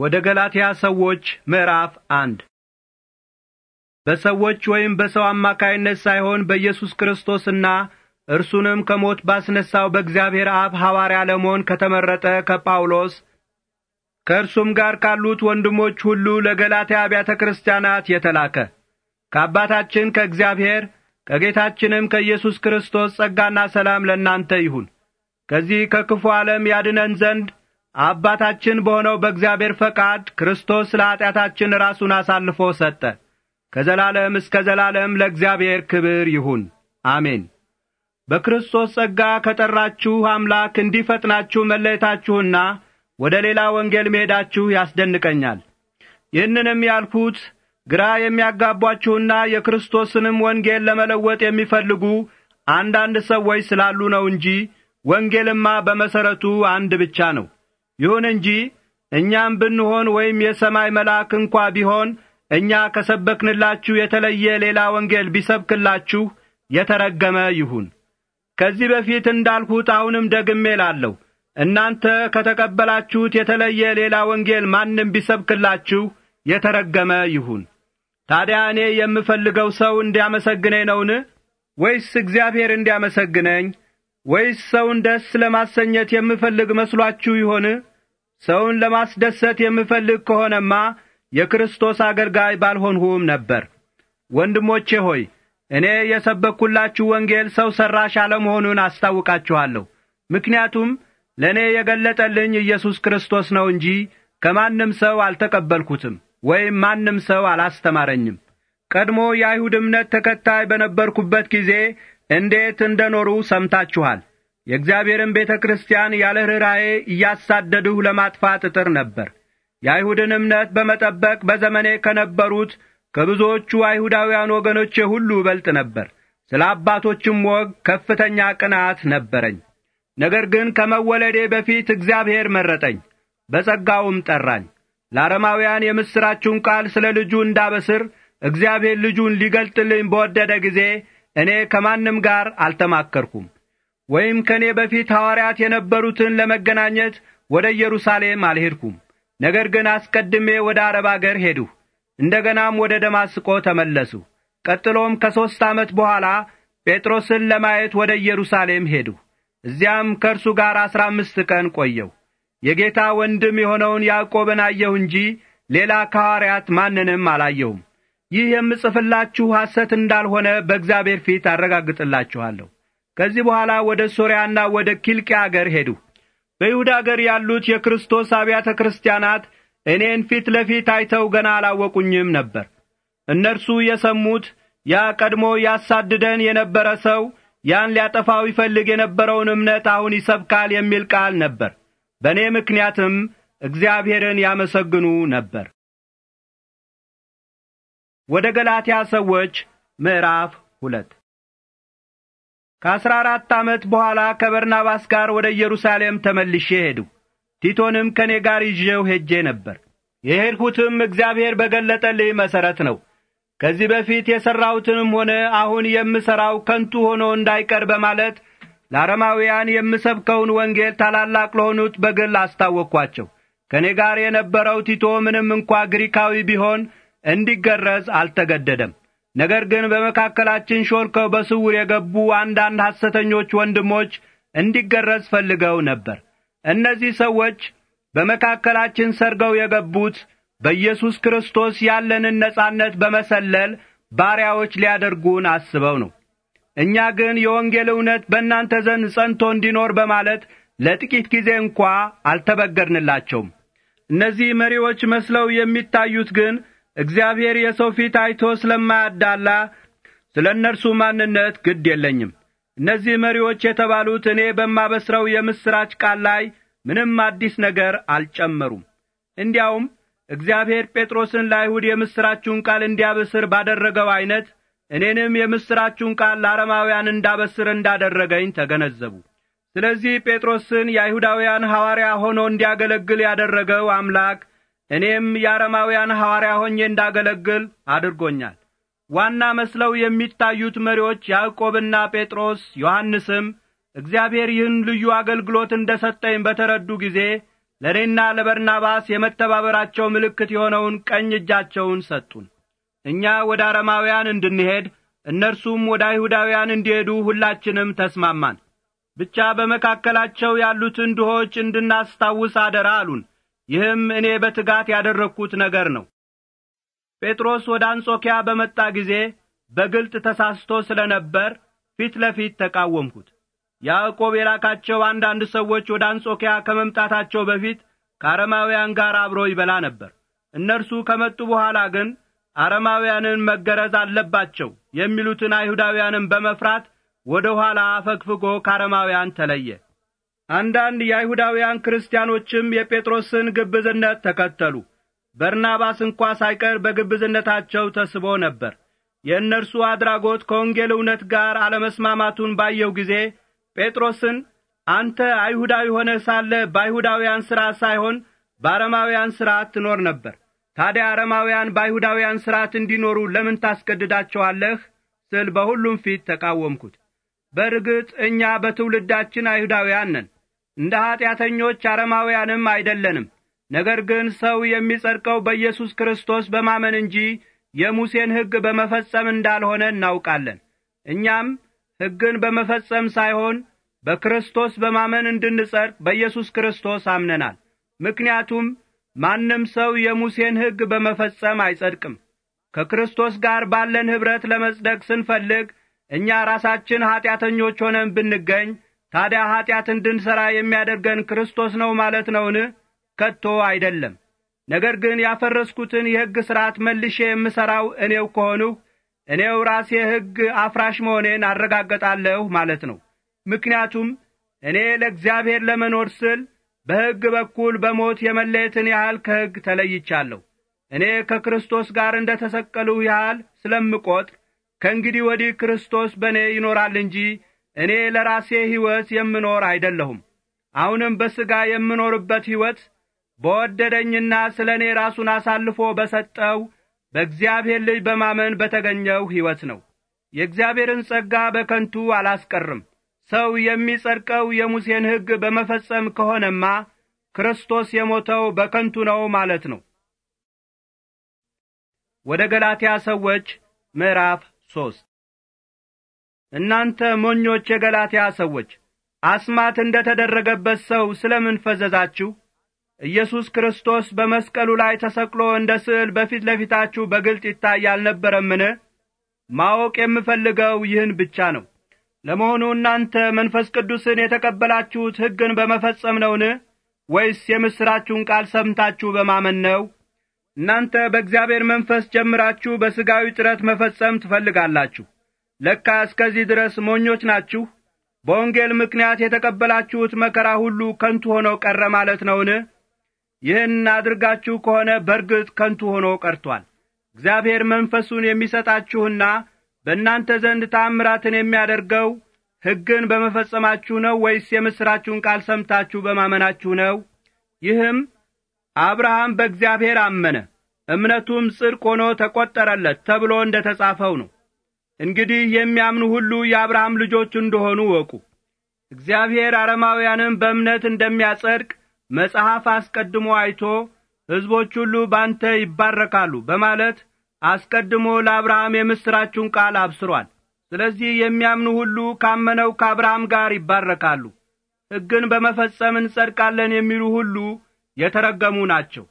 ወደ ገላትያ ሰዎች ምዕራፍ አንድ በሰዎች ወይም በሰው አማካይነት ሳይሆን በኢየሱስ ክርስቶስና እርሱንም ከሞት ባስነሳው በእግዚአብሔር አብ ሐዋርያ ለመሆን ከተመረጠ ከጳውሎስ ከእርሱም ጋር ካሉት ወንድሞች ሁሉ ለገላትያ አብያተ ክርስቲያናት የተላከ ከአባታችን ከእግዚአብሔር ከጌታችንም ከኢየሱስ ክርስቶስ ጸጋና ሰላም ለእናንተ ይሁን። ከዚህ ከክፉ ዓለም ያድነን ዘንድ አባታችን በሆነው በእግዚአብሔር ፈቃድ ክርስቶስ ስለ ራሱን አሳልፎ ሰጠ። ከዘላለም እስከ ዘላለም ለእግዚአብሔር ክብር ይሁን፣ አሜን። በክርስቶስ ጸጋ ከጠራችሁ አምላክ እንዲፈጥናችሁ መለየታችሁና ወደ ሌላ ወንጌል መሄዳችሁ ያስደንቀኛል። ይህንንም ያልኩት ግራ የሚያጋቧችሁና የክርስቶስንም ወንጌል ለመለወጥ የሚፈልጉ አንዳንድ ሰዎች ስላሉ ነው እንጂ ወንጌልማ በመሠረቱ አንድ ብቻ ነው። ይሁን እንጂ እኛም ብንሆን ወይም የሰማይ መልአክ እንኳ ቢሆን እኛ ከሰበክንላችሁ የተለየ ሌላ ወንጌል ቢሰብክላችሁ የተረገመ ይሁን። ከዚህ በፊት እንዳልሁት አሁንም ደግሜ እላለሁ፣ እናንተ ከተቀበላችሁት የተለየ ሌላ ወንጌል ማንም ቢሰብክላችሁ የተረገመ ይሁን። ታዲያ እኔ የምፈልገው ሰው እንዲያመሰግነኝ ነውን? ወይስ እግዚአብሔር እንዲያመሰግነኝ? ወይስ ሰውን ደስ ለማሰኘት የምፈልግ መስሏችሁ ይሆን? ሰውን ለማስደሰት የምፈልግ ከሆነማ የክርስቶስ አገልጋይ ባልሆንሁም ነበር። ወንድሞቼ ሆይ እኔ የሰበኩላችሁ ወንጌል ሰው ሠራሽ አለመሆኑን አስታውቃችኋለሁ። ምክንያቱም ለእኔ የገለጠልኝ ኢየሱስ ክርስቶስ ነው እንጂ ከማንም ሰው አልተቀበልኩትም ወይም ማንም ሰው አላስተማረኝም። ቀድሞ የአይሁድ እምነት ተከታይ በነበርኩበት ጊዜ እንዴት እንደ ኖሩ ሰምታችኋል። የእግዚአብሔርን ቤተ ክርስቲያን ያለ ርኅራዬ እያሳደድሁ ለማጥፋት እጥር ነበር። የአይሁድን እምነት በመጠበቅ በዘመኔ ከነበሩት ከብዙዎቹ አይሁዳውያን ወገኖቼ ሁሉ እበልጥ ነበር። ስለ አባቶችም ወግ ከፍተኛ ቅናት ነበረኝ። ነገር ግን ከመወለዴ በፊት እግዚአብሔር መረጠኝ፣ በጸጋውም ጠራኝ። ለአረማውያን የምሥራችሁን ቃል ስለ ልጁ እንዳበስር እግዚአብሔር ልጁን ሊገልጥልኝ በወደደ ጊዜ እኔ ከማንም ጋር አልተማከርኩም። ወይም ከእኔ በፊት ሐዋርያት የነበሩትን ለመገናኘት ወደ ኢየሩሳሌም አልሄድኩም። ነገር ግን አስቀድሜ ወደ አረብ አገር ሄድሁ፣ እንደ ገናም ወደ ደማስቆ ተመለሱ ቀጥሎም ከሦስት ዓመት በኋላ ጴጥሮስን ለማየት ወደ ኢየሩሳሌም ሄድሁ። እዚያም ከእርሱ ጋር አሥራ አምስት ቀን ቆየሁ። የጌታ ወንድም የሆነውን ያዕቆብን አየሁ እንጂ ሌላ ከሐዋርያት ማንንም አላየሁም። ይህ የምጽፍላችሁ ሐሰት እንዳልሆነ በእግዚአብሔር ፊት አረጋግጥላችኋለሁ። ከዚህ በኋላ ወደ ሶርያና ወደ ኪልቅያ አገር ሄዱ። በይሁዳ አገር ያሉት የክርስቶስ አብያተ ክርስቲያናት እኔን ፊት ለፊት አይተው ገና አላወቁኝም ነበር። እነርሱ የሰሙት ያ ቀድሞ ያሳድደን የነበረ ሰው ያን ሊያጠፋው ይፈልግ የነበረውን እምነት አሁን ይሰብካል የሚል ቃል ነበር። በእኔ ምክንያትም እግዚአብሔርን ያመሰግኑ ነበር። ወደ ገላትያ ሰዎች ምዕራፍ ሁለት ከአሥራ አራት ዓመት በኋላ ከበርናባስ ጋር ወደ ኢየሩሳሌም ተመልሼ ሄድሁ። ቲቶንም ከእኔ ጋር ይዤው ሄጄ ነበር። የሄድሁትም እግዚአብሔር በገለጠልኝ መሠረት ነው። ከዚህ በፊት የሠራሁትንም ሆነ አሁን የምሠራው ከንቱ ሆኖ እንዳይቀር በማለት ለአረማውያን የምሰብከውን ወንጌል ታላላቅ ለሆኑት በግል አስታወቅኳቸው። ከእኔ ጋር የነበረው ቲቶ ምንም እንኳ ግሪካዊ ቢሆን እንዲገረዝ አልተገደደም። ነገር ግን በመካከላችን ሾልከው በስውር የገቡ አንዳንድ ሐሰተኞች ወንድሞች እንዲገረዝ ፈልገው ነበር። እነዚህ ሰዎች በመካከላችን ሰርገው የገቡት በኢየሱስ ክርስቶስ ያለንን ነጻነት በመሰለል ባሪያዎች ሊያደርጉን አስበው ነው። እኛ ግን የወንጌል እውነት በእናንተ ዘንድ ጸንቶ እንዲኖር በማለት ለጥቂት ጊዜ እንኳ አልተበገርንላቸውም። እነዚህ መሪዎች መስለው የሚታዩት ግን እግዚአብሔር የሰው ፊት አይቶ ስለማያዳላ ስለ እነርሱ ማንነት ግድ የለኝም። እነዚህ መሪዎች የተባሉት እኔ በማበስረው የምሥራች ቃል ላይ ምንም አዲስ ነገር አልጨመሩም። እንዲያውም እግዚአብሔር ጴጥሮስን ለአይሁድ የምሥራችሁን ቃል እንዲያበስር ባደረገው ዐይነት እኔንም የምሥራችሁን ቃል ለአረማውያን እንዳበስር እንዳደረገኝ ተገነዘቡ። ስለዚህ ጴጥሮስን የአይሁዳውያን ሐዋርያ ሆኖ እንዲያገለግል ያደረገው አምላክ እኔም የአረማውያን ሐዋርያ ሆኜ እንዳገለግል አድርጎኛል ዋና መስለው የሚታዩት መሪዎች ያዕቆብና ጴጥሮስ ዮሐንስም እግዚአብሔር ይህን ልዩ አገልግሎት እንደ ሰጠኝ በተረዱ ጊዜ ለእኔና ለበርናባስ የመተባበራቸው ምልክት የሆነውን ቀኝ እጃቸውን ሰጡን እኛ ወደ አረማውያን እንድንሄድ እነርሱም ወደ አይሁዳውያን እንዲሄዱ ሁላችንም ተስማማን ብቻ በመካከላቸው ያሉትን ድሆች እንድናስታውስ አደራ አሉን ይህም እኔ በትጋት ያደረግኩት ነገር ነው። ጴጥሮስ ወደ አንጾኪያ በመጣ ጊዜ በግልጥ ተሳስቶ ስለ ነበር ፊት ለፊት ተቃወምኩት። ያዕቆብ የላካቸው አንዳንድ ሰዎች ወደ አንጾኪያ ከመምጣታቸው በፊት ከአረማውያን ጋር አብሮ ይበላ ነበር። እነርሱ ከመጡ በኋላ ግን አረማውያንን መገረዝ አለባቸው የሚሉትን አይሁዳውያንን በመፍራት ወደ ኋላ አፈግፍጎ ከአረማውያን ተለየ። አንዳንድ የአይሁዳውያን ክርስቲያኖችም የጴጥሮስን ግብዝነት ተከተሉ። በርናባስ እንኳ ሳይቀር በግብዝነታቸው ተስቦ ነበር። የእነርሱ አድራጎት ከወንጌል እውነት ጋር አለመስማማቱን ባየው ጊዜ ጴጥሮስን አንተ አይሁዳዊ ሆነ ሳለ በአይሁዳውያን ሥራ ሳይሆን በአረማውያን ሥራ ትኖር ነበር። ታዲያ አረማውያን በአይሁዳውያን ሥርዓት እንዲኖሩ ለምን ታስገድዳቸዋለህ? ስል በሁሉም ፊት ተቃወምኩት። በርግጥ እኛ በትውልዳችን አይሁዳውያን ነን። እንደ ኀጢአተኞች አረማውያንም አይደለንም። ነገር ግን ሰው የሚጸድቀው በኢየሱስ ክርስቶስ በማመን እንጂ የሙሴን ሕግ በመፈጸም እንዳልሆነ እናውቃለን። እኛም ሕግን በመፈጸም ሳይሆን በክርስቶስ በማመን እንድንጸድቅ በኢየሱስ ክርስቶስ አምነናል። ምክንያቱም ማንም ሰው የሙሴን ሕግ በመፈጸም አይጸድቅም። ከክርስቶስ ጋር ባለን ኅብረት ለመጽደቅ ስንፈልግ እኛ ራሳችን ኀጢአተኞች ሆነን ብንገኝ ታዲያ ኀጢአት እንድንሠራ የሚያደርገን ክርስቶስ ነው ማለት ነውን? ከቶ አይደለም። ነገር ግን ያፈረስኩትን የሕግ ሥርዓት መልሼ የምሠራው እኔው ከሆንሁ እኔው ራሴ ሕግ አፍራሽ መሆኔን አረጋገጣለሁ ማለት ነው። ምክንያቱም እኔ ለእግዚአብሔር ለመኖር ስል በሕግ በኩል በሞት የመለየትን ያህል ከሕግ ተለይቻለሁ። እኔ ከክርስቶስ ጋር እንደ ተሰቀልሁ ያህል ስለምቈጥር ከእንግዲህ ወዲህ ክርስቶስ በእኔ ይኖራል እንጂ እኔ ለራሴ ሕይወት የምኖር አይደለሁም። አሁንም በሥጋ የምኖርበት ሕይወት በወደደኝና ስለ እኔ ራሱን አሳልፎ በሰጠው በእግዚአብሔር ልጅ በማመን በተገኘው ሕይወት ነው። የእግዚአብሔርን ጸጋ በከንቱ አላስቀርም። ሰው የሚጸድቀው የሙሴን ሕግ በመፈጸም ከሆነማ ክርስቶስ የሞተው በከንቱ ነው ማለት ነው። ወደ ገላትያ ሰዎች ምዕራፍ ሦስት እናንተ ሞኞች የገላትያ ሰዎች አስማት እንደ ተደረገበት ሰው ስለ ምን ፈዘዛችሁ? ኢየሱስ ክርስቶስ በመስቀሉ ላይ ተሰቅሎ እንደ ስዕል በፊት ለፊታችሁ በግልጥ ይታይ አልነበረምን? ማወቅ የምፈልገው ይህን ብቻ ነው። ለመሆኑ እናንተ መንፈስ ቅዱስን የተቀበላችሁት ሕግን በመፈጸም ነውን? ወይስ የምሥራችሁን ቃል ሰምታችሁ በማመን ነው? እናንተ በእግዚአብሔር መንፈስ ጀምራችሁ በሥጋዊ ጥረት መፈጸም ትፈልጋላችሁ። ለካ እስከዚህ ድረስ ሞኞች ናችሁ በወንጌል ምክንያት የተቀበላችሁት መከራ ሁሉ ከንቱ ሆኖ ቀረ ማለት ነውን? ይህን አድርጋችሁ ከሆነ በርግጥ ከንቱ ሆኖ ቀርቷል። እግዚአብሔር መንፈሱን የሚሰጣችሁና በእናንተ ዘንድ ታምራትን የሚያደርገው ሕግን በመፈጸማችሁ ነው ወይስ የምሥራችሁን ቃል ሰምታችሁ በማመናችሁ ነው? ይህም አብርሃም በእግዚአብሔር አመነ፣ እምነቱም ጽድቅ ሆኖ ተቈጠረለት ተብሎ እንደ ተጻፈው ነው። እንግዲህ የሚያምኑ ሁሉ የአብርሃም ልጆች እንደሆኑ ወቁ እግዚአብሔር አረማውያንን በእምነት እንደሚያጸድቅ መጽሐፍ አስቀድሞ አይቶ ሕዝቦች ሁሉ ባንተ ይባረካሉ በማለት አስቀድሞ ለአብርሃም የምሥራችሁን ቃል አብስሯል ስለዚህ የሚያምኑ ሁሉ ካመነው ከአብርሃም ጋር ይባረካሉ ሕግን በመፈጸም እንጸድቃለን የሚሉ ሁሉ የተረገሙ ናቸው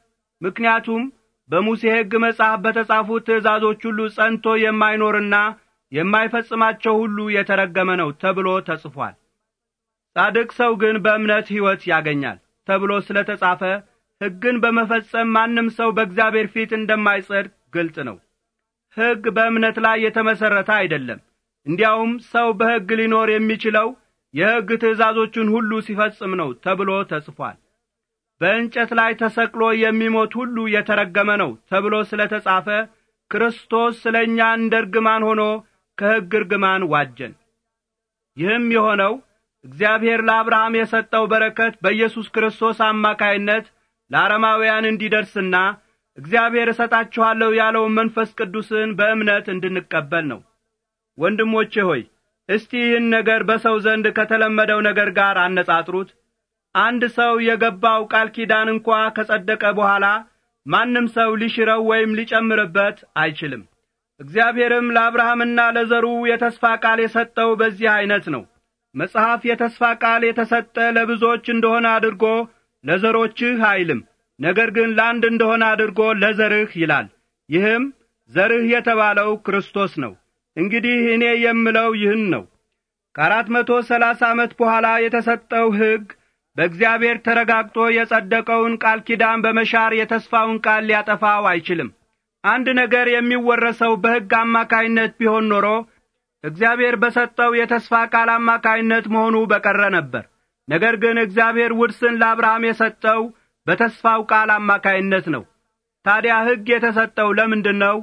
ምክንያቱም በሙሴ ሕግ መጽሐፍ በተጻፉት ትእዛዞች ሁሉ ጸንቶ የማይኖርና የማይፈጽማቸው ሁሉ የተረገመ ነው ተብሎ ተጽፏል። ጻድቅ ሰው ግን በእምነት ሕይወት ያገኛል ተብሎ ስለ ተጻፈ ሕግን በመፈጸም ማንም ሰው በእግዚአብሔር ፊት እንደማይጸድቅ ግልጽ ነው። ሕግ በእምነት ላይ የተመሠረተ አይደለም። እንዲያውም ሰው በሕግ ሊኖር የሚችለው የሕግ ትእዛዞቹን ሁሉ ሲፈጽም ነው ተብሎ ተጽፏል። በእንጨት ላይ ተሰቅሎ የሚሞት ሁሉ የተረገመ ነው ተብሎ ስለ ተጻፈ ክርስቶስ ስለ እኛ እንደ እርግማን ሆኖ ከሕግ እርግማን ዋጀን ይህም የሆነው እግዚአብሔር ለአብርሃም የሰጠው በረከት በኢየሱስ ክርስቶስ አማካይነት ለአረማውያን እንዲደርስና እግዚአብሔር እሰጣችኋለሁ ያለውን መንፈስ ቅዱስን በእምነት እንድንቀበል ነው ወንድሞቼ ሆይ እስቲ ይህን ነገር በሰው ዘንድ ከተለመደው ነገር ጋር አነጻጥሩት አንድ ሰው የገባው ቃል ኪዳን እንኳ ከጸደቀ በኋላ ማንም ሰው ሊሽረው ወይም ሊጨምርበት አይችልም እግዚአብሔርም ለአብርሃምና ለዘሩ የተስፋ ቃል የሰጠው በዚህ ዐይነት ነው። መጽሐፍ የተስፋ ቃል የተሰጠ ለብዙዎች እንደሆነ አድርጎ ለዘሮችህ አይልም፣ ነገር ግን ለአንድ እንደሆነ አድርጎ ለዘርህ ይላል። ይህም ዘርህ የተባለው ክርስቶስ ነው። እንግዲህ እኔ የምለው ይህን ነው። ከአራት መቶ ሰላሳ ዓመት በኋላ የተሰጠው ሕግ በእግዚአብሔር ተረጋግጦ የጸደቀውን ቃል ኪዳን በመሻር የተስፋውን ቃል ሊያጠፋው አይችልም። አንድ ነገር የሚወረሰው በሕግ አማካይነት ቢሆን ኖሮ እግዚአብሔር በሰጠው የተስፋ ቃል አማካይነት መሆኑ በቀረ ነበር። ነገር ግን እግዚአብሔር ውርስን ለአብርሃም የሰጠው በተስፋው ቃል አማካይነት ነው። ታዲያ ሕግ የተሰጠው ለምንድን ነው?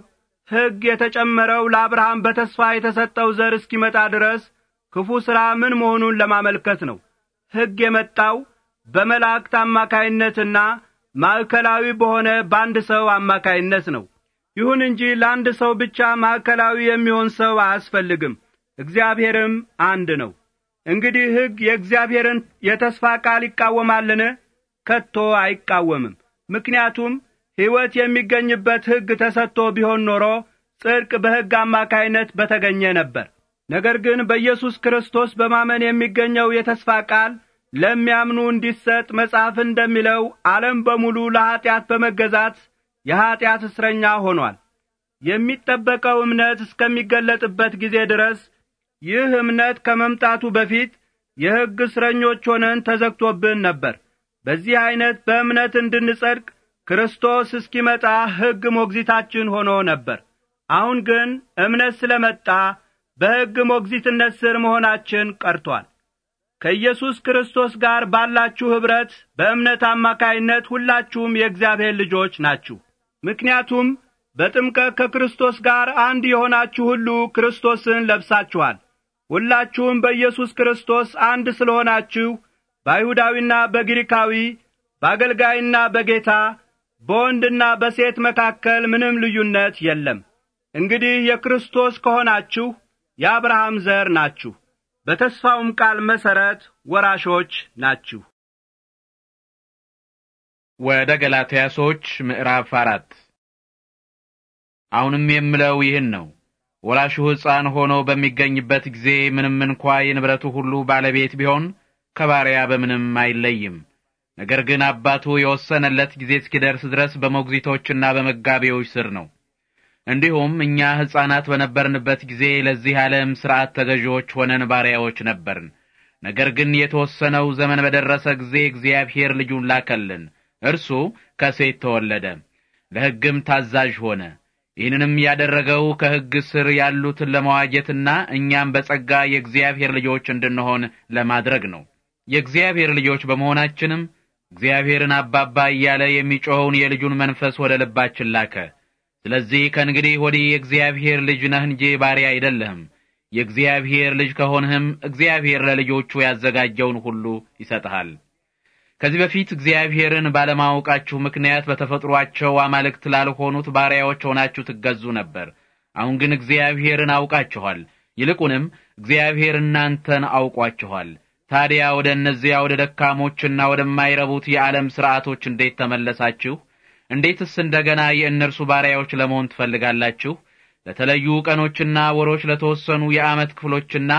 ሕግ የተጨመረው ለአብርሃም በተስፋ የተሰጠው ዘር እስኪመጣ ድረስ ክፉ ሥራ ምን መሆኑን ለማመልከት ነው። ሕግ የመጣው በመላእክት አማካይነትና ማዕከላዊ በሆነ በአንድ ሰው አማካይነት ነው። ይሁን እንጂ ለአንድ ሰው ብቻ ማዕከላዊ የሚሆን ሰው አያስፈልግም። እግዚአብሔርም አንድ ነው። እንግዲህ ሕግ የእግዚአብሔርን የተስፋ ቃል ይቃወማልን? ከቶ አይቃወምም። ምክንያቱም ሕይወት የሚገኝበት ሕግ ተሰጥቶ ቢሆን ኖሮ ጽድቅ በሕግ አማካይነት በተገኘ ነበር። ነገር ግን በኢየሱስ ክርስቶስ በማመን የሚገኘው የተስፋ ቃል ለሚያምኑ እንዲሰጥ መጽሐፍ እንደሚለው ዓለም በሙሉ ለኀጢአት በመገዛት የኀጢአት እስረኛ ሆኗል። የሚጠበቀው እምነት እስከሚገለጥበት ጊዜ ድረስ ይህ እምነት ከመምጣቱ በፊት የሕግ እስረኞች ሆነን ተዘግቶብን ነበር። በዚህ ዐይነት በእምነት እንድንጸድቅ ክርስቶስ እስኪመጣ ሕግ ሞግዚታችን ሆኖ ነበር። አሁን ግን እምነት ስለ መጣ በሕግ ሞግዚትነት ስር መሆናችን ቀርቶአል። ከኢየሱስ ክርስቶስ ጋር ባላችሁ ኅብረት በእምነት አማካይነት ሁላችሁም የእግዚአብሔር ልጆች ናችሁ። ምክንያቱም በጥምቀት ከክርስቶስ ጋር አንድ የሆናችሁ ሁሉ ክርስቶስን ለብሳችኋል። ሁላችሁም በኢየሱስ ክርስቶስ አንድ ስለሆናችሁ በአይሁዳዊና በግሪካዊ በአገልጋይና በጌታ በወንድና በሴት መካከል ምንም ልዩነት የለም። እንግዲህ የክርስቶስ ከሆናችሁ የአብርሃም ዘር ናችሁ፣ በተስፋውም ቃል መሠረት ወራሾች ናችሁ። ወደ ገላትያ ሰዎች ምዕራፍ አራት አሁንም የምለው ይህን ነው። ወላሹ ሕፃን ሆኖ በሚገኝበት ጊዜ ምንም እንኳ የንብረቱ ሁሉ ባለቤት ቢሆን ከባሪያ በምንም አይለይም። ነገር ግን አባቱ የወሰነለት ጊዜ እስኪደርስ ድረስ በሞግዚቶችና በመጋቢዎች ስር ነው። እንዲሁም እኛ ሕፃናት በነበርንበት ጊዜ ለዚህ ዓለም ሥርዓት ተገዢዎች ሆነን ባሪያዎች ነበርን። ነገር ግን የተወሰነው ዘመን በደረሰ ጊዜ እግዚአብሔር ልጁን ላከልን። እርሱ ከሴት ተወለደ፣ ለሕግም ታዛዥ ሆነ። ይህንንም ያደረገው ከሕግ ስር ያሉትን ለመዋጀትና እኛም በጸጋ የእግዚአብሔር ልጆች እንድንሆን ለማድረግ ነው። የእግዚአብሔር ልጆች በመሆናችንም እግዚአብሔርን አባባ እያለ የሚጮኸውን የልጁን መንፈስ ወደ ልባችን ላከ። ስለዚህ ከእንግዲህ ወዲህ የእግዚአብሔር ልጅ ነህ እንጂ ባሪያ አይደለህም። የእግዚአብሔር ልጅ ከሆንህም እግዚአብሔር ለልጆቹ ያዘጋጀውን ሁሉ ይሰጥሃል። ከዚህ በፊት እግዚአብሔርን ባለማወቃችሁ ምክንያት በተፈጥሯቸው አማልክት ላልሆኑት ባሪያዎች ሆናችሁ ትገዙ ነበር። አሁን ግን እግዚአብሔርን አውቃችኋል፣ ይልቁንም እግዚአብሔር እናንተን አውቋችኋል። ታዲያ ወደ እነዚያ ወደ ደካሞችና ወደማይረቡት የዓለም ሥርዓቶች እንዴት ተመለሳችሁ? እንዴትስ እንደገና የእነርሱ ባሪያዎች ለመሆን ትፈልጋላችሁ? ለተለዩ ቀኖችና ወሮች፣ ለተወሰኑ የዓመት ክፍሎችና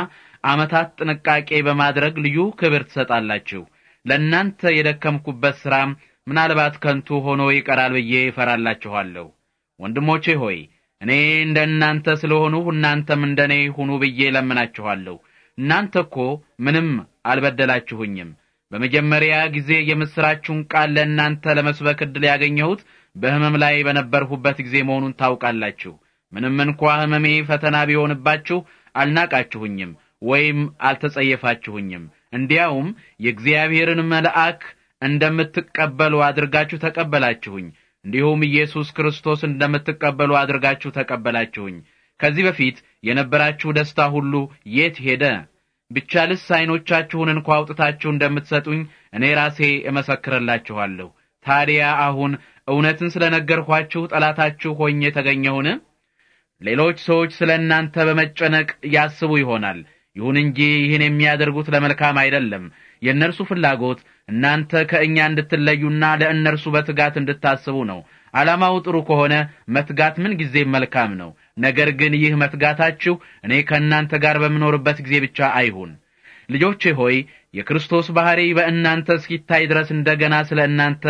ዓመታት ጥንቃቄ በማድረግ ልዩ ክብር ትሰጣላችሁ። ለእናንተ የደከምኩበት ሥራ ምናልባት ከንቱ ሆኖ ይቀራል ብዬ እፈራላችኋለሁ። ወንድሞቼ ሆይ እኔ እንደ እናንተ ስለ ሆኑ እናንተም እንደ እኔ ሁኑ ብዬ ለምናችኋለሁ። እናንተ እኮ ምንም አልበደላችሁኝም። በመጀመሪያ ጊዜ የምሥራችሁን ቃል ለእናንተ ለመስበክ ዕድል ያገኘሁት በሕመም ላይ በነበርሁበት ጊዜ መሆኑን ታውቃላችሁ። ምንም እንኳ ሕመሜ ፈተና ቢሆንባችሁ አልናቃችሁኝም ወይም አልተጸየፋችሁኝም። እንዲያውም የእግዚአብሔርን መልአክ እንደምትቀበሉ አድርጋችሁ ተቀበላችሁኝ። እንዲሁም ኢየሱስ ክርስቶስ እንደምትቀበሉ አድርጋችሁ ተቀበላችሁኝ። ከዚህ በፊት የነበራችሁ ደስታ ሁሉ የት ሄደ? ብቻ ልስ ዓይኖቻችሁን እንኳ አውጥታችሁ እንደምትሰጡኝ እኔ ራሴ እመሰክርላችኋለሁ። ታዲያ አሁን እውነትን ስለ ነገርኋችሁ ጠላታችሁ ሆኜ ተገኘሁን? ሌሎች ሰዎች ስለ እናንተ በመጨነቅ ያስቡ ይሆናል። ይሁን እንጂ ይህን የሚያደርጉት ለመልካም አይደለም። የእነርሱ ፍላጎት እናንተ ከእኛ እንድትለዩና ለእነርሱ በትጋት እንድታስቡ ነው። ዓላማው ጥሩ ከሆነ መትጋት ምን ጊዜም መልካም ነው። ነገር ግን ይህ መትጋታችሁ እኔ ከእናንተ ጋር በምኖርበት ጊዜ ብቻ አይሁን። ልጆቼ ሆይ የክርስቶስ ባሕሪ በእናንተ እስኪታይ ድረስ እንደገና ስለ እናንተ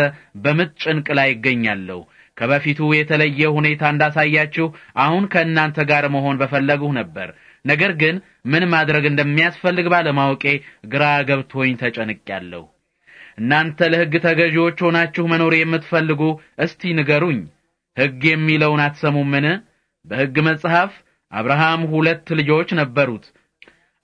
በምጥ ጭንቅ ላይ ይገኛለሁ። ከበፊቱ የተለየ ሁኔታ እንዳሳያችሁ አሁን ከእናንተ ጋር መሆን በፈለግሁ ነበር። ነገር ግን ምን ማድረግ እንደሚያስፈልግ ባለማወቄ ግራ ገብቶኝ ተጨንቄያለሁ። እናንተ ለሕግ ተገዢዎች ሆናችሁ መኖር የምትፈልጉ እስቲ ንገሩኝ። ሕግ የሚለውን አትሰሙምን? በሕግ መጽሐፍ አብርሃም ሁለት ልጆች ነበሩት።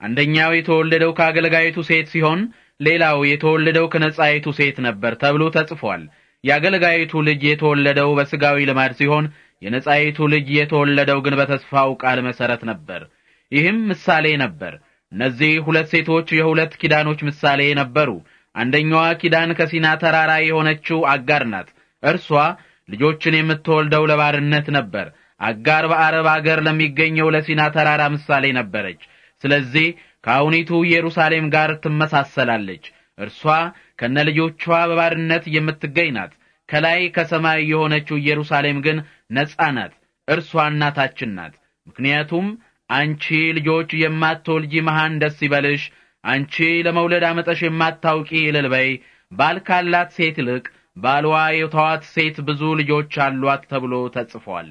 አንደኛው የተወለደው ከአገልጋይቱ ሴት ሲሆን ሌላው የተወለደው ከነጻይቱ ሴት ነበር ተብሎ ተጽፏል። የአገልጋይቱ ልጅ የተወለደው በሥጋዊ ልማድ ሲሆን የነጻይቱ ልጅ የተወለደው ግን በተስፋው ቃል መሠረት ነበር። ይህም ምሳሌ ነበር። እነዚህ ሁለት ሴቶች የሁለት ኪዳኖች ምሳሌ ነበሩ። አንደኛዋ ኪዳን ከሲና ተራራ የሆነችው አጋር ናት። እርሷ ልጆችን የምትወልደው ለባርነት ነበር። አጋር በአረብ አገር ለሚገኘው ለሲና ተራራ ምሳሌ ነበረች። ስለዚህ ከአሁኒቱ ኢየሩሳሌም ጋር ትመሳሰላለች። እርሷ ከነ ልጆቿ በባርነት የምትገኝ ናት። ከላይ ከሰማይ የሆነችው ኢየሩሳሌም ግን ነጻ ናት። እርሷ እናታችን ናት። ምክንያቱም አንቺ ልጆች የማትወልጂ መሃን ደስ ይበልሽ፣ አንቺ ለመውለድ አመጠሽ የማታውቂ ለልበይ ባልካላት ባል ካላት ሴት ይልቅ ባልዋ የተዋት ሴት ብዙ ልጆች አሏት ተብሎ ተጽፏል።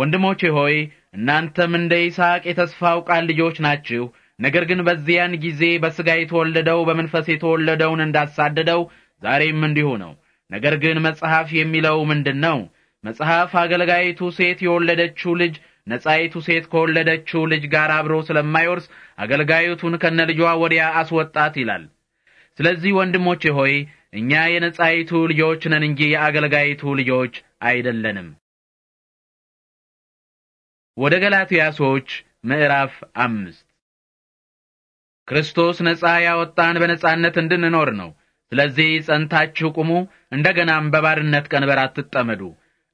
ወንድሞቼ ሆይ እናንተም እንደ ይስሐቅ የተስፋው ቃል ልጆች ናችሁ። ነገር ግን በዚያን ጊዜ በሥጋ የተወለደው በመንፈስ የተወለደውን እንዳሳደደው ዛሬም እንዲሁ ነው። ነገር ግን መጽሐፍ የሚለው ምንድን ነው? መጽሐፍ አገልጋይቱ ሴት የወለደችው ልጅ ነጻይቱ ሴት ከወለደችው ልጅ ጋር አብሮ ስለማይወርስ አገልጋዩቱን ከነ ልጇ ወዲያ አስወጣት ይላል። ስለዚህ ወንድሞቼ ሆይ እኛ የነጻይቱ ልጆች ነን እንጂ የአገልጋይቱ ልጆች አይደለንም። ወደ ገላትያ ሰዎች ምዕራፍ አምስት ክርስቶስ ነጻ ያወጣን በነጻነት እንድንኖር ነው። ስለዚህ ጸንታችሁ ቁሙ፣ እንደገናም በባርነት ቀንበር አትጠመዱ።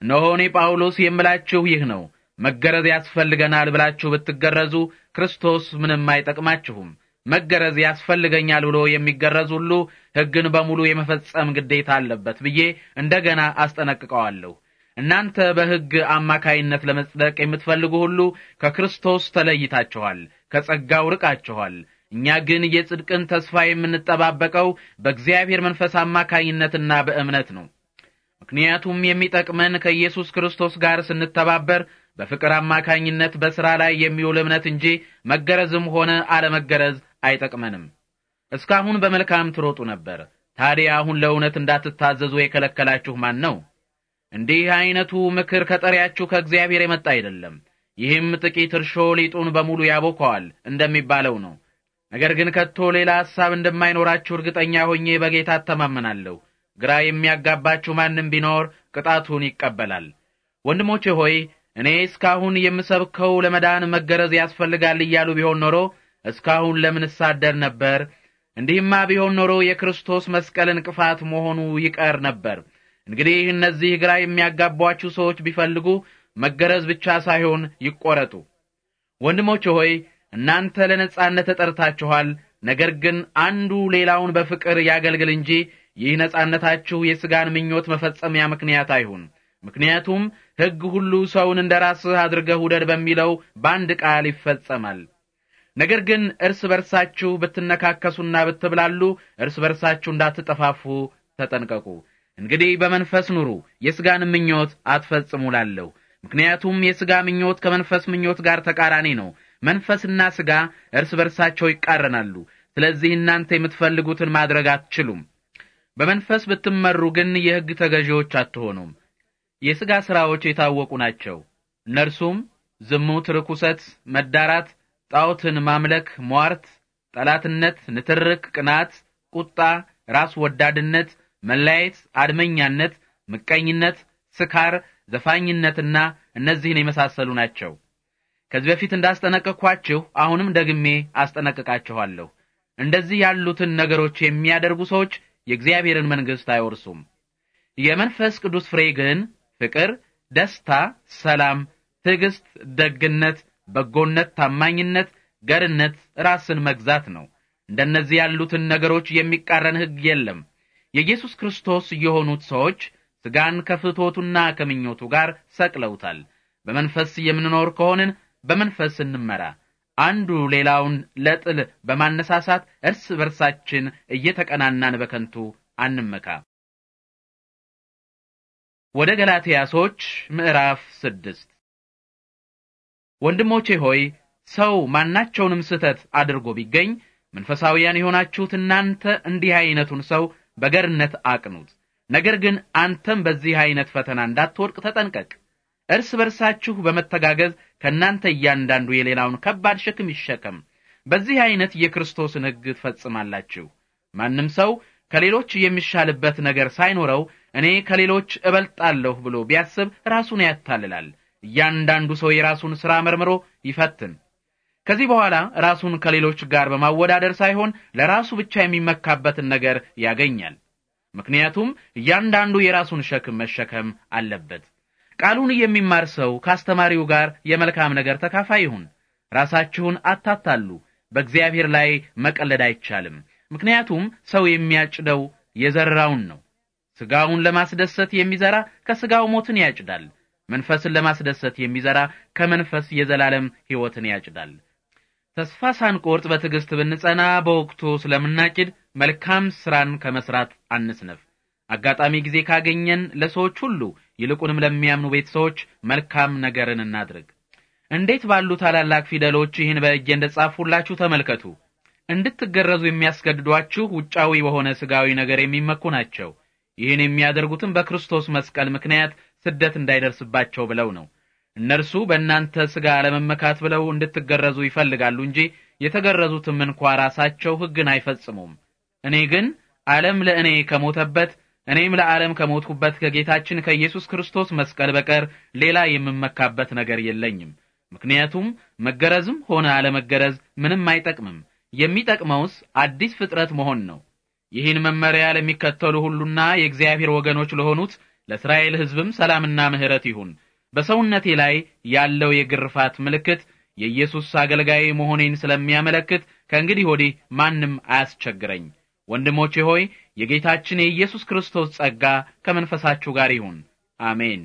እነሆ እኔ ጳውሎስ የምላችሁ ይህ ነው። መገረዝ ያስፈልገናል ብላችሁ ብትገረዙ ክርስቶስ ምንም አይጠቅማችሁም። መገረዝ ያስፈልገኛል ብሎ የሚገረዝ ሁሉ ሕግን በሙሉ የመፈጸም ግዴታ አለበት ብዬ እንደገና አስጠነቅቀዋለሁ። እናንተ በሕግ አማካይነት ለመጽደቅ የምትፈልጉ ሁሉ ከክርስቶስ ተለይታችኋል፣ ከጸጋው ርቃችኋል። እኛ ግን የጽድቅን ተስፋ የምንጠባበቀው በእግዚአብሔር መንፈስ አማካይነትና በእምነት ነው። ምክንያቱም የሚጠቅመን ከኢየሱስ ክርስቶስ ጋር ስንተባበር በፍቅር አማካኝነት በሥራ ላይ የሚውል እምነት እንጂ መገረዝም ሆነ አለመገረዝ አይጠቅመንም። እስካሁን በመልካም ትሮጡ ነበር። ታዲያ አሁን ለእውነት እንዳትታዘዙ የከለከላችሁ ማን ነው? እንዲህ ዐይነቱ ምክር ከጠሪያችሁ ከእግዚአብሔር የመጣ አይደለም። ይህም ጥቂት እርሾ ሊጡን በሙሉ ያቦከዋል እንደሚባለው ነው። ነገር ግን ከቶ ሌላ ሐሳብ እንደማይኖራችሁ እርግጠኛ ሆኜ በጌታ እተማመናለሁ። ግራ የሚያጋባችሁ ማንም ቢኖር ቅጣቱን ይቀበላል። ወንድሞቼ ሆይ እኔ እስካሁን የምሰብከው ለመዳን መገረዝ ያስፈልጋል እያሉ ቢሆን ኖሮ እስካሁን ለምን እሳደር ነበር? እንዲህማ ቢሆን ኖሮ የክርስቶስ መስቀል እንቅፋት መሆኑ ይቀር ነበር። እንግዲህ እነዚህ ግራ የሚያጋቧችሁ ሰዎች ቢፈልጉ መገረዝ ብቻ ሳይሆን ይቆረጡ። ወንድሞች ሆይ እናንተ ለነጻነት ተጠርታችኋል። ነገር ግን አንዱ ሌላውን በፍቅር ያገልግል እንጂ ይህ ነጻነታችሁ የሥጋን ምኞት መፈጸሚያ ምክንያት አይሁን። ምክንያቱም ሕግ ሁሉ ሰውን እንደ ራስህ አድርገህ ውደድ በሚለው በአንድ ቃል ይፈጸማል። ነገር ግን እርስ በርሳችሁ ብትነካከሱና ብትብላሉ እርስ በርሳችሁ እንዳትጠፋፉ ተጠንቀቁ። እንግዲህ በመንፈስ ኑሩ፣ የሥጋን ምኞት አትፈጽሙ ላለሁ። ምክንያቱም የሥጋ ምኞት ከመንፈስ ምኞት ጋር ተቃራኒ ነው። መንፈስና ሥጋ እርስ በርሳቸው ይቃረናሉ። ስለዚህ እናንተ የምትፈልጉትን ማድረግ አትችሉም። በመንፈስ ብትመሩ ግን የሕግ ተገዢዎች አትሆኑም። የሥጋ ሥራዎች የታወቁ ናቸው። እነርሱም ዝሙት፣ ርኩሰት፣ መዳራት፣ ጣዖትን ማምለክ፣ ሟርት፣ ጠላትነት፣ ንትርክ፣ ቅናት፣ ቁጣ፣ ራስ ወዳድነት፣ መለያየት፣ አድመኛነት፣ ምቀኝነት፣ ስካር፣ ዘፋኝነትና እነዚህን የመሳሰሉ ናቸው። ከዚህ በፊት እንዳስጠነቀቅኳችሁ አሁንም ደግሜ አስጠነቅቃችኋለሁ። እንደዚህ ያሉትን ነገሮች የሚያደርጉ ሰዎች የእግዚአብሔርን መንግሥት አይወርሱም። የመንፈስ ቅዱስ ፍሬ ግን ፍቅር፣ ደስታ፣ ሰላም፣ ትዕግስት፣ ደግነት፣ በጎነት፣ ታማኝነት፣ ገርነት፣ ራስን መግዛት ነው። እንደነዚህ ያሉትን ነገሮች የሚቃረን ሕግ የለም። የኢየሱስ ክርስቶስ የሆኑት ሰዎች ሥጋን ከፍቶቱና ከምኞቱ ጋር ሰቅለውታል። በመንፈስ የምንኖር ከሆንን በመንፈስ እንመራ። አንዱ ሌላውን ለጥል በማነሳሳት እርስ በርሳችን እየተቀናናን በከንቱ አንመካ። ወደ ገላትያ ሰዎች ምዕራፍ ስድስት ወንድሞቼ ሆይ ሰው ማናቸውንም ስህተት አድርጎ ቢገኝ መንፈሳዊያን የሆናችሁት እናንተ እንዲህ አይነቱን ሰው በገርነት አቅኑት። ነገር ግን አንተም በዚህ አይነት ፈተና እንዳትወድቅ ተጠንቀቅ። እርስ በርሳችሁ በመተጋገዝ ከእናንተ እያንዳንዱ የሌላውን ከባድ ሸክም ይሸከም። በዚህ አይነት የክርስቶስን ሕግ ትፈጽማላችሁ። ማንም ሰው ከሌሎች የሚሻልበት ነገር ሳይኖረው እኔ ከሌሎች እበልጣለሁ ብሎ ቢያስብ ራሱን ያታልላል። እያንዳንዱ ሰው የራሱን ሥራ መርምሮ ይፈትን። ከዚህ በኋላ ራሱን ከሌሎች ጋር በማወዳደር ሳይሆን ለራሱ ብቻ የሚመካበትን ነገር ያገኛል። ምክንያቱም እያንዳንዱ የራሱን ሸክም መሸከም አለበት። ቃሉን የሚማር ሰው ከአስተማሪው ጋር የመልካም ነገር ተካፋይ ይሁን። ራሳችሁን አታታሉ። በእግዚአብሔር ላይ መቀለድ አይቻልም። ምክንያቱም ሰው የሚያጭደው የዘራውን ነው። ሥጋውን ለማስደሰት የሚዘራ ከሥጋው ሞትን ያጭዳል። መንፈስን ለማስደሰት የሚዘራ ከመንፈስ የዘላለም ሕይወትን ያጭዳል። ተስፋ ሳንቆርጥ በትዕግሥት ብንጸና በወቅቱ ስለምናጭድ መልካም ሥራን ከመሥራት አንስነፍ። አጋጣሚ ጊዜ ካገኘን ለሰዎች ሁሉ ይልቁንም ለሚያምኑ ቤተሰቦች መልካም ነገርን እናድርግ። እንዴት ባሉ ታላላቅ ፊደሎች ይህን በእጄ እንደጻፍሁላችሁ ተመልከቱ። እንድትገረዙ የሚያስገድዷችሁ ውጫዊ በሆነ ሥጋዊ ነገር የሚመኩ ናቸው። ይህን የሚያደርጉትም በክርስቶስ መስቀል ምክንያት ስደት እንዳይደርስባቸው ብለው ነው። እነርሱ በእናንተ ሥጋ ለመመካት ብለው እንድትገረዙ ይፈልጋሉ እንጂ የተገረዙትም እንኳ ራሳቸው ሕግን አይፈጽሙም። እኔ ግን ዓለም ለእኔ ከሞተበት እኔም ለዓለም ከሞትሁበት ከጌታችን ከኢየሱስ ክርስቶስ መስቀል በቀር ሌላ የምመካበት ነገር የለኝም። ምክንያቱም መገረዝም ሆነ አለመገረዝ ምንም አይጠቅምም። የሚጠቅመውስ አዲስ ፍጥረት መሆን ነው። ይህን መመሪያ ለሚከተሉ ሁሉና የእግዚአብሔር ወገኖች ለሆኑት ለእስራኤል ሕዝብም ሰላምና ምሕረት ይሁን። በሰውነቴ ላይ ያለው የግርፋት ምልክት የኢየሱስ አገልጋይ መሆኔን ስለሚያመለክት ከእንግዲህ ወዲህ ማንም አያስቸግረኝ። ወንድሞቼ ሆይ የጌታችን የኢየሱስ ክርስቶስ ጸጋ ከመንፈሳችሁ ጋር ይሁን። አሜን።